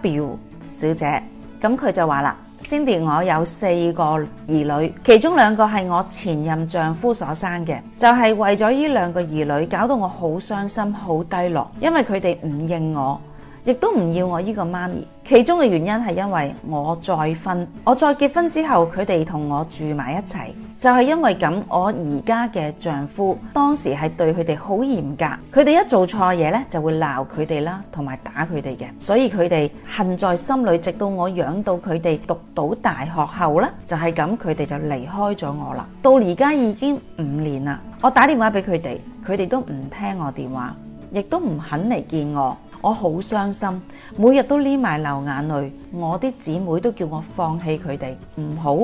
表小姐，咁佢就話啦，Cindy，我有四個兒女，其中兩個係我前任丈夫所生嘅，就係、是、為咗呢兩個兒女，搞到我好傷心、好低落，因為佢哋唔認我。亦都唔要我呢個媽咪，其中嘅原因係因為我再婚，我再結婚之後，佢哋同我住埋一齊，就係因為咁，我而家嘅丈夫當時係對佢哋好嚴格，佢哋一做錯嘢咧就會鬧佢哋啦，同埋打佢哋嘅，所以佢哋恨在心裏。直到我養到佢哋讀到大學後咧，就係咁，佢哋就離開咗我啦。到而家已經五年啦，我打電話俾佢哋，佢哋都唔聽我電話，亦都唔肯嚟見我。我好傷心，每日都匿埋流眼淚，我啲姊妹都叫我放棄佢哋，唔好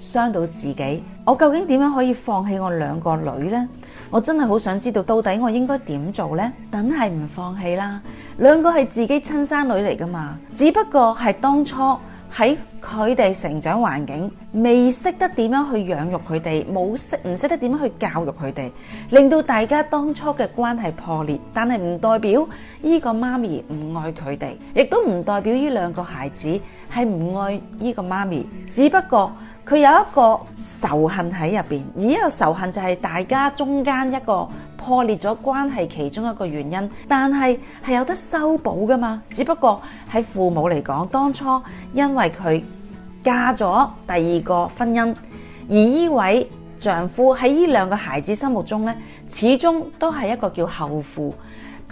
傷到自己。我究竟點樣可以放棄我兩個女呢？我真係好想知道到底我應該點做呢？梗係唔放棄啦，兩個係自己親生女嚟噶嘛，只不過係當初。喺佢哋成長環境未識得點樣去養育佢哋，冇識唔識得點樣去教育佢哋，令到大家當初嘅關係破裂。但係唔代表呢個媽咪唔愛佢哋，亦都唔代表呢兩個孩子係唔愛呢個媽咪。只不過佢有一個仇恨喺入邊，而呢個仇恨就係大家中間一個。破裂咗關係，其中一個原因，但係係有得修補噶嘛。只不過喺父母嚟講，當初因為佢嫁咗第二個婚姻，而依位丈夫喺依兩個孩子心目中呢，始終都係一個叫後父，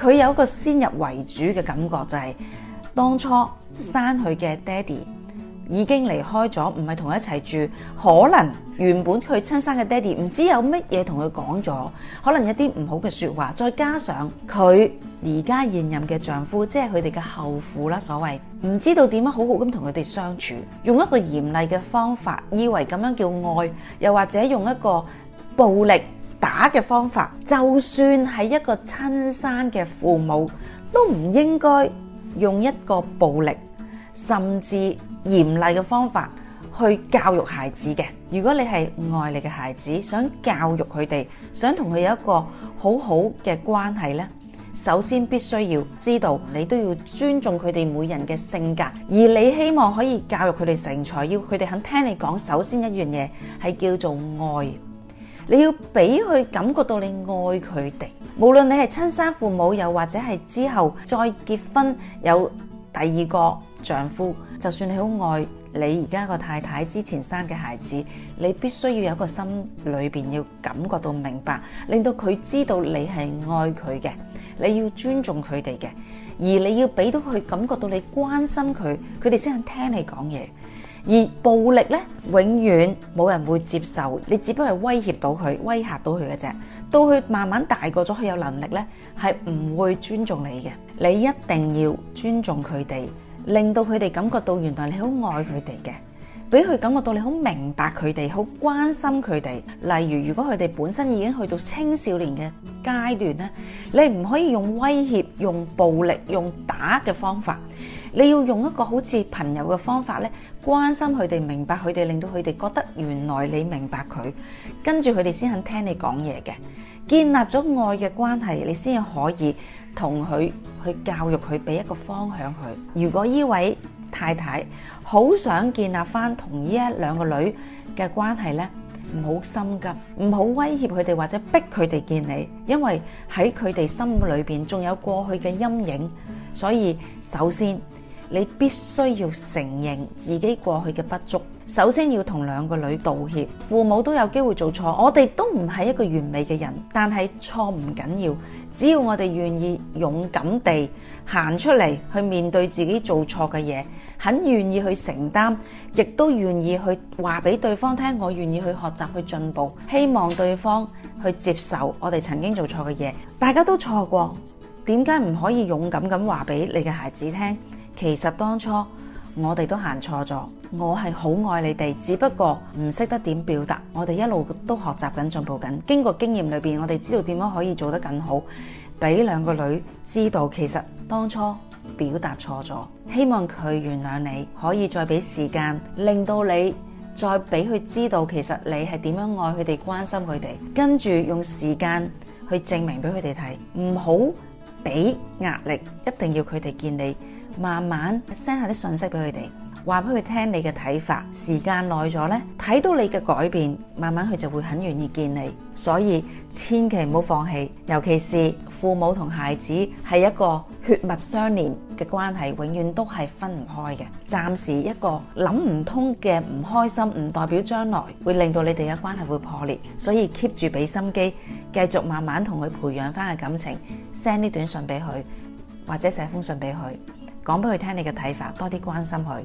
佢有一個先入為主嘅感覺，就係當初生佢嘅爹哋。已經離開咗，唔係同佢一齊住。可能原本佢親生嘅爹哋唔知有乜嘢同佢講咗，可能一啲唔好嘅説話，再加上佢而家現任嘅丈夫，即係佢哋嘅後父啦。所謂唔知道點樣好好咁同佢哋相處，用一個嚴厲嘅方法，以為咁樣叫愛，又或者用一個暴力打嘅方法，就算係一個親生嘅父母，都唔應該用一個暴力，甚至。嚴厲嘅方法去教育孩子嘅。如果你係愛你嘅孩子，想教育佢哋，想同佢有一個好好嘅關係呢，首先必須要知道你都要尊重佢哋每人嘅性格，而你希望可以教育佢哋成才，要佢哋肯聽你講，首先一樣嘢係叫做愛。你要俾佢感覺到你愛佢哋，無論你係親生父母，又或者係之後再結婚有。第二個丈夫，就算你好愛你而家個太太，之前生嘅孩子，你必須要有一個心裏面要感覺到明白，令到佢知道你係愛佢嘅，你要尊重佢哋嘅，而你要俾到佢感覺到你關心佢，佢哋先肯聽你講嘢。而暴力呢，永遠冇人會接受，你只不過係威脅到佢，威嚇到佢嘅啫。到佢慢慢大個咗，佢有能力呢，係唔會尊重你嘅。你一定要尊重佢哋，令到佢哋感覺到原來你好愛佢哋嘅，俾佢感覺到你好明白佢哋，好關心佢哋。例如，如果佢哋本身已經去到青少年嘅階段咧，你唔可以用威脅、用暴力、用打嘅方法。你要用一個好似朋友嘅方法咧，關心佢哋，明白佢哋，令到佢哋覺得原來你明白佢，跟住佢哋先肯聽你講嘢嘅。建立咗愛嘅關係，你先可以同佢去教育佢，俾一個方向佢。如果呢位太太好想建立翻同呢一兩個女嘅關係呢，唔好心急，唔好威脅佢哋或者逼佢哋見你，因為喺佢哋心裏邊仲有過去嘅陰影，所以首先，你必須要承認自己過去嘅不足，首先要同兩個女道歉。父母都有機會做錯，我哋都唔係一個完美嘅人，但係錯唔緊要，只要我哋願意勇敢地行出嚟去面對自己做錯嘅嘢，肯願意去承擔，亦都願意去話俾對方聽。我願意去學習去進步，希望對方去接受我哋曾經做錯嘅嘢。大家都錯過，點解唔可以勇敢咁話俾你嘅孩子聽？其實當初我哋都行錯咗。我係好愛你哋，只不過唔識得點表達。我哋一路都學習緊、進步緊。經過經驗裏邊，我哋知道點樣可以做得更好。俾兩個女知道，其實當初表達錯咗。希望佢原諒你，可以再俾時間，令到你再俾佢知道，其實你係點樣愛佢哋、關心佢哋。跟住用時間去證明俾佢哋睇，唔好俾壓力，一定要佢哋見你。慢慢 send 下啲信息俾佢哋，話俾佢聽你嘅睇法。時間耐咗呢，睇到你嘅改變，慢慢佢就會很願意見你。所以千祈唔好放棄，尤其是父母同孩子係一個血脈相連嘅關係，永遠都係分唔開嘅。暫時一個諗唔通嘅唔開心，唔代表將來會令到你哋嘅關係會破裂。所以 keep 住俾心機，繼續慢慢同佢培養翻嘅感情，send 啲短信俾佢，或者寫封信俾佢。講俾佢聽你嘅睇法，多啲關心佢。